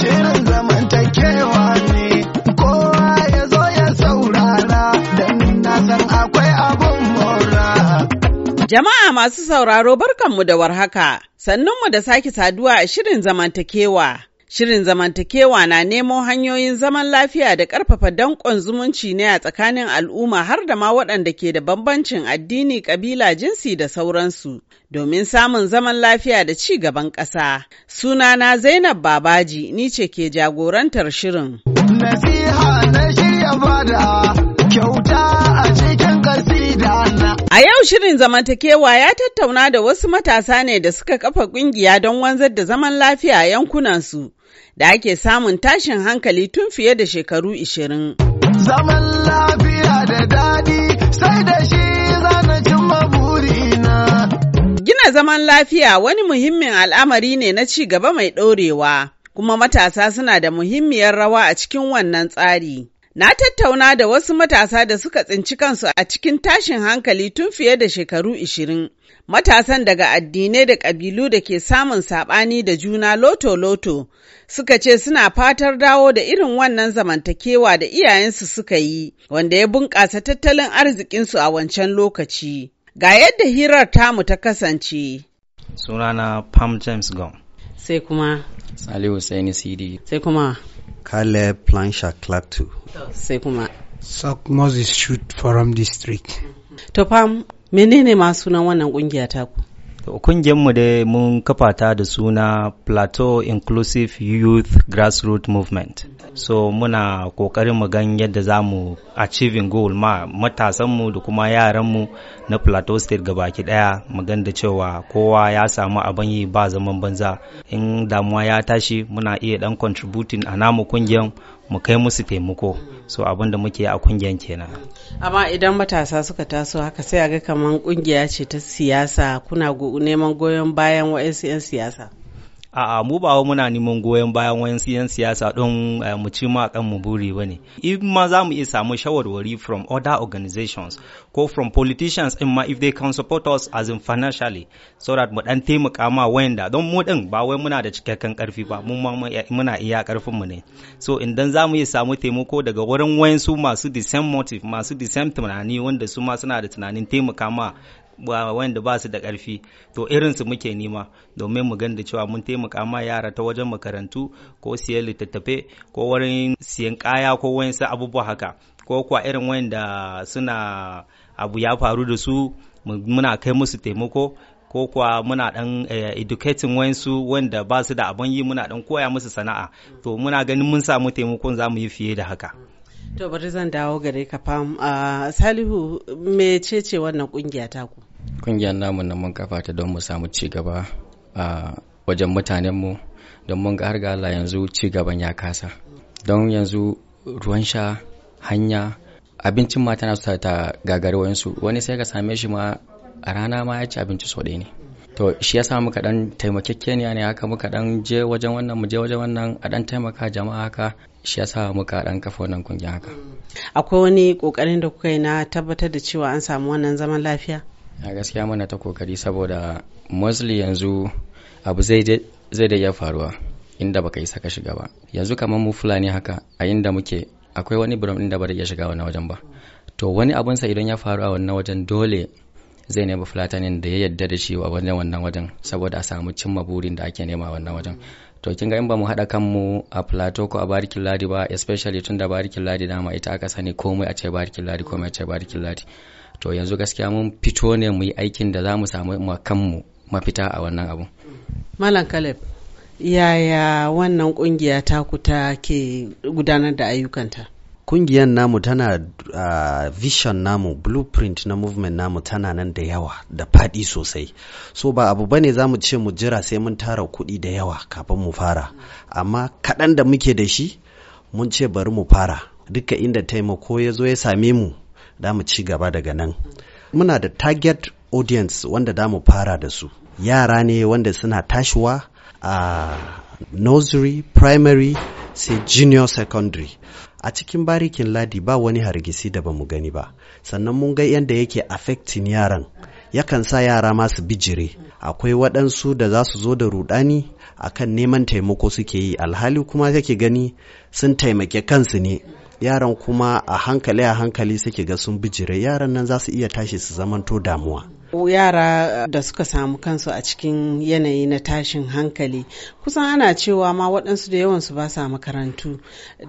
Shirin zamantakewa ne kowa ya zo ya saurara don na san akwai abun mora. Jama'a masu sauraro barkanmu da warhaka, sannunmu da sake saduwa a shirin zamantakewa. Shirin zamantakewa na nemo hanyoyin zaman lafiya da ƙarfafa danƙon zumunci ne a tsakanin al'umma har da ma waɗanda ke da bambancin addini, ƙabila, jinsi da sauransu domin samun zaman lafiya da ci gaban ƙasa. Sunana Zainab Babaji ni ce ke jagorantar shirin. Nasiha na shirya fada, kyauta a cikin ƙasida na. A yau shirin zamantakewa ya tattauna da wasu matasa ne da suka kafa ƙungiya don wanzar da zaman lafiya a yankunansu da ake samun tashin hankali tun fiye da shekaru ishirin. Zaman lafiya da daɗi sai da shi Gina zaman lafiya wani muhimmin al'amari ne na ci gaba mai ɗorewa, kuma matasa suna da muhimmiyar rawa a cikin wannan tsari. Na tattauna da wasu matasa da suka tsinci kansu a cikin tashin hankali tun fiye da shekaru ishirin. Matasan daga addinai da ƙabilu da ke samun saɓani da juna loto-loto suka ce suna fatar dawo da irin wannan zamantakewa da iyayensu suka yi, wanda ya bunƙasa tattalin arzikinsu a wancan lokaci. Ga yadda hirar tamu ta kasance. Sunana Pam James Gong. Sai kuma. Salihu Saini Sidi. Sai kuma. Kale Plancha Klatu. Sai kuma. Sok Moses Shoot Forum District. To fam menene ma sunan wannan kungiya taku? mu dai mun kafa ta da suna Plateau Inclusive Youth Grassroots Movement. so muna kokarin mu gan yadda za mu achieving goal ma matasanmu da kuma yaranmu na plateau state gabaki daya mu gan da cewa kowa ya samu abin yi ba zaman banza in damuwa ya tashi muna iya dan contributing a namu kungiyar mu kai musu taimako so abin da muke a kungiyar kenan amma idan matasa suka taso haka sai a ga kaman kungiya ce ta siyasa kuna neman goyon bayan wa'ansu 'yan siyasa A'a mu ba muna neman goyon bayan wayan yan siyasa don eh, mu ci ma kan mu buri ba ne. In ma za mu iya samu shawarwari from other organizations ko from politicians in ma if they can support us as in financially so that mu dan taimaka ma wayanda don mu din ba wai muna da cikakken karfi ba mu ma muna iya karfin mu ne. So idan za mu iya samu taimako daga wurin wayan su masu the same motive masu the same tunani wanda su ma suna da tunanin taimaka ma wanda ba su da ƙarfi to irinsu muke nima domin mu da cewa mun taimaka ma yara ta wajen makarantu ko siyan littattafai ko wurin siyan kaya ko wani abubuwa haka ko kuwa irin wanda suna abu ya faru da su muna kai musu taimako ko kuwa muna dan eh, educating wayansu wanda ba su da abin yi muna dan koya musu sana'a to muna ganin mun samu taimakon za mu yi fiye da haka to bari zan dawo gare ka fam ah, salihu mecece wannan kungiya taku kungiyar namu na mun kafa ta don mu samu ci gaba a wajen mutanenmu don mun ga har ga Allah yanzu ci gaban ya kasa don yanzu ruwan sha hanya abincin ma tana su ta gagari wayansu wani sai ka same shi ma a rana ma ya ci abinci so ne to shi yasa muka dan taimakekeniya ne haka muka dan je wajen wannan mu je wajen wannan a dan taimaka jama'a haka shi yasa muka dan kafa wannan kungiya haka akwai wani kokarin da kuka yi na tabbatar da cewa an samu wannan zaman lafiya a gaskiya mana ta kokari saboda mostly yanzu abu zai da ya faruwa inda baka isa ka shiga ba yanzu kamar mu fulani haka a inda muke akwai wani biram inda ba da iya shiga wannan wajen ba to wani abun sa idan ya faru a wannan wajen dole zai nema fulatanin da ya yadda da shi a wannan wannan wajen saboda a samu cimma burin da ake nema a wannan wajen to kin ga in ba mu haɗa kanmu a plato ko a barikin ladi ba especially tun da barikin ladi dama ita aka sani komai a ce barikin ladi komai a ce barikin ladi to yanzu gaskiya mun fito ne mu yi aikin da za mu samu kanmu mafita a wannan abu malam kaleb yaya wannan kungiya taku ta ke gudanar da ayyukanta kungiyar namu tana uh, vision namu blueprint na movement namu tana nan da yawa da faɗi sosai so ba abu bane za mu ce mu jira sai mun tara kuɗi da yawa kafin mu fara amma kaɗan da muke da shi mun ce bari mu fara duka inda taimako ya zo ya same mu da mu ci gaba daga nan muna da target audience wanda da mu fara da su yara ne wanda suna tashiwa a nursery primary sai junior secondary a cikin barikin ladi ba wani hargitsi da ba mu gani ba sannan mun ga yadda yake affecting yaran yakan sa yara masu bijire akwai waɗansu da za su zo da rudani akan neman taimako suke yi alhali kuma yake gani sun taimake kansu ne yaran kuma a hankali a hankali suke ga sun bijire yaran nan za su iya tashi su zamanto damuwa yara da suka samu kansu a cikin yanayi na tashin hankali kusan ana cewa ma waɗansu da yawansu ba sa makarantu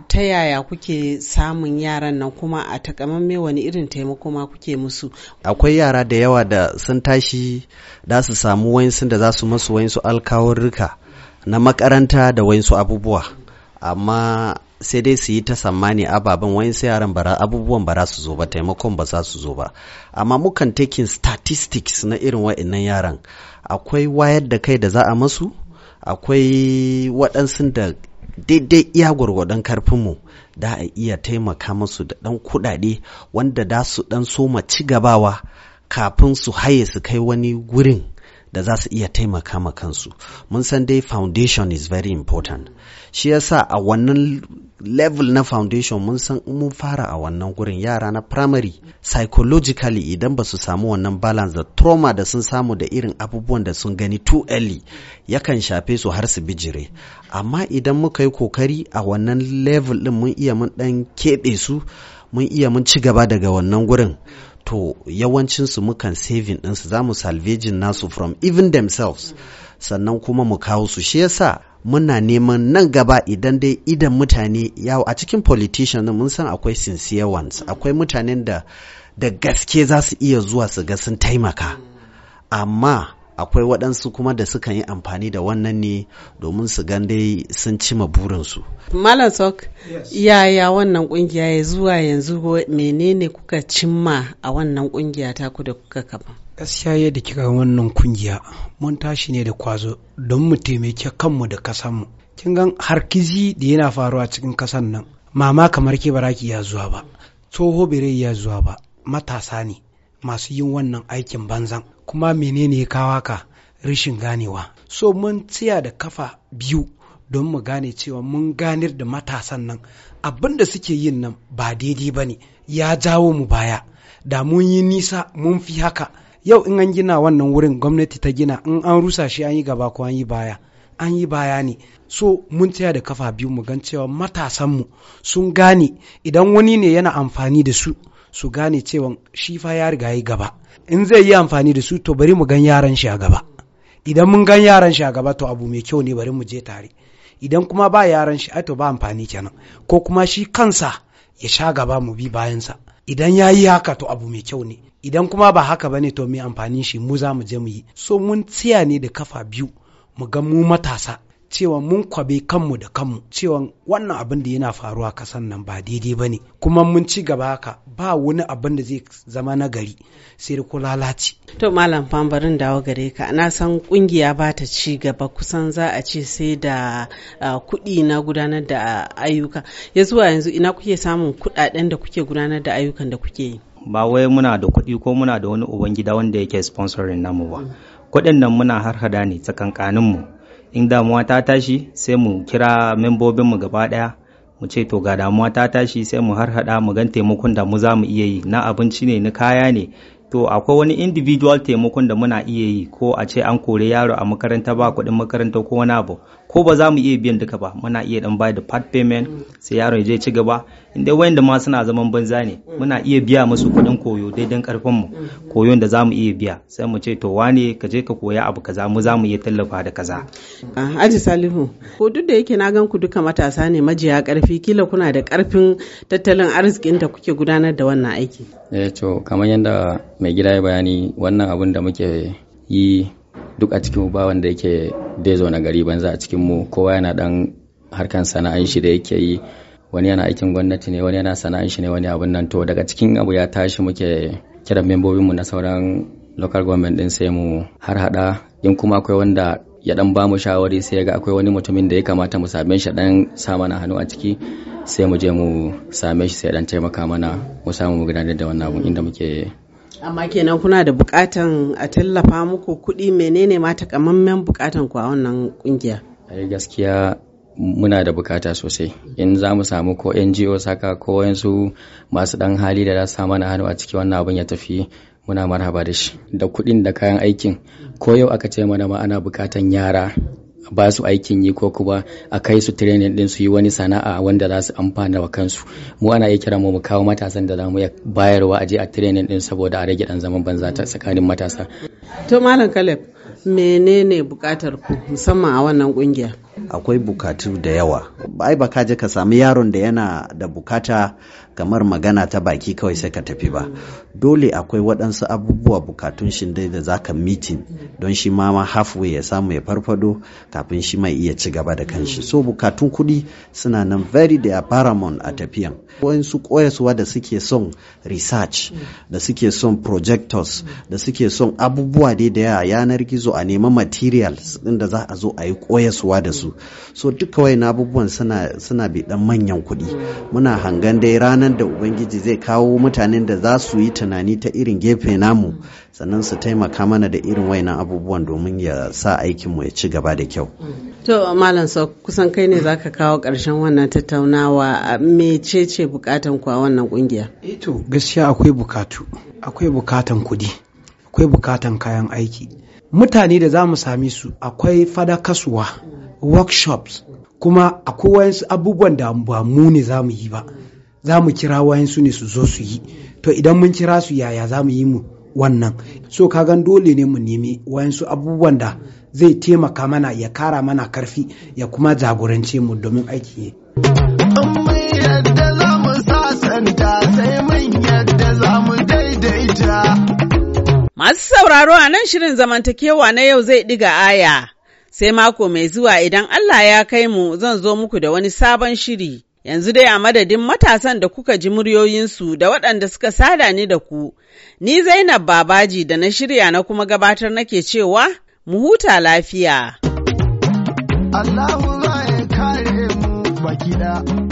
ta yaya kuke samun yaran nan kuma a takamamme wani irin taimako ma kuke musu akwai yara da yawa da sun tashi da su samu wayansu da za su masu wayansu alkawarruka na makaranta da wayansu abubuwa amma sai dai su yi ta sammani ababen wani sai yaran bara abubuwan bara su zo ba taimakon ba za su zo ba amma mukan taking statistics na irin wa'annan yaran akwai wayar da kai da za a masu akwai waɗansu da daidai iya gwargwadon karfinmu da a iya taimaka masu da ɗan kuɗaɗe wanda da su ɗan soma ci gabawa kafin su haye su kai wani gurin da za su iya taimaka ma kansu mun san dai foundation is very important shi yasa a wannan level na foundation mun san mun fara a wannan gurin yara na primary psychologically idan ba su samu wannan balance da trauma da sun samu da irin abubuwan da sun gani too early yakan shafe su har su bijire amma idan muka yi kokari a wannan level din mun iya mun dan keɓe su mun iya mun ci gaba daga wannan gurin to yawancinsu mukan saving ɗinsu za mu salvaging nasu from even themselves sannan kuma mu kawo su shi yasa muna neman nan gaba idan dai idan mutane yawo a cikin politician mun san akwai sincere ones akwai mutanen da da gaske za su iya zuwa su ga sun taimaka amma akwai waɗansu kuma da suka yi amfani da wannan ne domin su dai sun cima burinsu. Malam Sok, yaya wannan ƙungiya ya zuwa yanzu menene kuka cimma a wannan ƙungiya ta ku da kuka kama? Gaskiya yadda kika wannan ƙungiya mun tashi ne da kwazo don mu taimake kanmu da kasanmu. Kin gan harkizi da yana faruwa cikin kasan nan mama kamar ke baraki ya zuwa ba, tsoho bere ya zuwa ba, matasa ne masu yin wannan aikin banzan. kuma menene ya kawo ka rashin ganewa so mun tsaya da kafa biyu don mu gane cewa mun ganar da matasan nan abin da suke yin nan ba daidai ba ne ya jawo mu baya da mun yi nisa mun fi haka yau in an gina wannan wurin gwamnati ta gina in an rusa shi an yi gaba ko an yi baya an yi baya ne so mun tsaya da kafa biyu mu gan cewa matasanmu sun gane idan wani ne yana amfani da su su gane cewa shi fa ya riga yi gaba in zai yi amfani da su to bari mu gan yaran shi a gaba idan mun gan yaran shi a gaba to abu mai kyau ne bari mu je tare idan kuma ba yaran shi to ba amfani kenan ko kuma shi kansa ya sha gaba mu bi bayansa idan ya yi haka to abu mai kyau ne idan kuma ba haka ba ne to mai amfani shi mu za mu je mu yi so mun tsiya ne da kafa biyu mu ga mu matasa cewa mun kwabe kanmu da kanmu cewa wannan abin da yana faruwa kasan nan ba daidai ba ne kuma mun ci gaba haka ba wani abin da zai zama na gari sai ko lalace. To malam fambarin dawo gare ka na san kungiya ba ta ci gaba kusan za a ce sai da kuɗi na gudanar da ayyuka ya zuwa yanzu ina kuke samun kuɗaɗen da kuke gudanar da ayyukan da kuke yi. Ba wai muna da kuɗi ko muna da wani ubangida wanda yake sponsorin namu ba. Kuɗin nan muna harhada ne ta tsakankaninmu in damuwa ta tashi sai mu kira membobinmu gaba ɗaya mu ce to ga damuwa ta tashi sai mu harhaɗa mu gan taimakon da mu za mu iya yi na abinci ne na kaya ne to akwai wani individual taimakon da muna iya yi ko a ce an kore yaro a makaranta ba kuɗin makaranta ko wani abu ko ba za mu iya biyan duka ba muna iya dan bayar da part payment sai yaron ya je ci gaba inda wayanda ma suna zaman banza ne muna iya biya musu kuɗin koyo daidan karfin mu koyon da za mu iya biya sai mu ce to wane ka je ka koya abu kaza mu za mu iya tallafa da kaza Haji Salihu ko duk da yake na gan ku duka matasa ne majiya karfi kila kuna da karfin tattalin arzikin da kuke gudanar da wannan aiki eh to kamar yadda mai gida ya bayani wannan abin da muke yi duk a cikin ba wanda yake dai zaune gari banza a cikin mu kowa yana dan harkan sana'an shi da yake yi wani yana aikin gwamnati ne wani yana sana'an shi ne wani abin nan to daga cikin abu ya tashi muke kiran membobinmu na sauran local government din sai mu har hada in kuma akwai wanda ya dan bamu shawari sai ga akwai wani mutumin da ya kamata mu same shi dan sa mana hannu a ciki sai mu je mu same shi sai dan taimaka mana mu samu mu gudanar da wannan abun inda muke amma kenan kuna da bukatan a tallafa muku kuɗi menene ma takamammen bukatan ku a wannan kungiya gaskiya muna da bukata sosai in za mu samu ko ngo saka ko wayansu masu dan hali da za su mana hannu a ciki wannan abun ya tafi muna marhaba da shi da kuɗin da kayan aikin ko yau aka ce mana ma ana bukatan yara ba su aikin yi ko kuma a kai su training din su yi wani sana'a wanda za su amfana wa kansu mu ana iya kira mu mu kawo matasan da za mu bayarwa a je a training din saboda a rage dan zaman banza ta tsakanin matasa to malam Caleb menene bukatar ku musamman a wannan kungiya akwai bukatu da yawa ai ba ka je ka sami yaron da yana da bukata kamar magana ta baki kawai sai ka tafi ba dole akwai waɗansu abubuwa bukatun shi dai za ka mitin don shi ma ma halfway ya samu ya farfado kafin shi mai iya ci gaba da kanshi so bukatun kuɗi suna nan very da paramount a tafiyan su koyaswa da suke son research da suke son projectors da suke son abubuwa dai da yanar gizo a neman materials ɗin da za a zo a yi koyaswa da su su so duka wayan abubuwan suna suna dan manyan kuɗi muna hangan dai ranar da ubangiji zai kawo mutanen da za su yi tunani ta irin gefe namu sannan su taimaka mana da irin wayan abubuwan domin ya sa mu ya ci gaba da kyau to malam sa kusan kai ne zaka kawo ƙarshen wannan tattaunawa mecece bukatan ku a wannan kungiya eh to gaskiya akwai bukatu akwai bukatan kuɗi akwai bukatan kayan aiki mutane da za mu sami su akwai fadakaswa workshops kuma akwai wayansu abubuwan da ba mu ne za mu yi ba za mu kira wayansu ne su zo su yi to idan mun kira su yaya za mu yi mu wannan so ka gan dole ne mu nemi wayansu abubuwan da zai taimaka mana ya kara mana karfi ya kuma jagorance mu domin aiki yadda sai mun Masu sauraro a nan shirin zamantakewa na yau zai ɗiga aya Sai mako mai zuwa idan Allah ya kai mu zan zo muku da wani sabon shiri. Yanzu dai a madadin matasan da kuka ji muryoyinsu da waɗanda suka sada ni da ku, ni Zainab Babaji da na shirya na kuma gabatar nake cewa mu huta lafiya. Allahu ya kare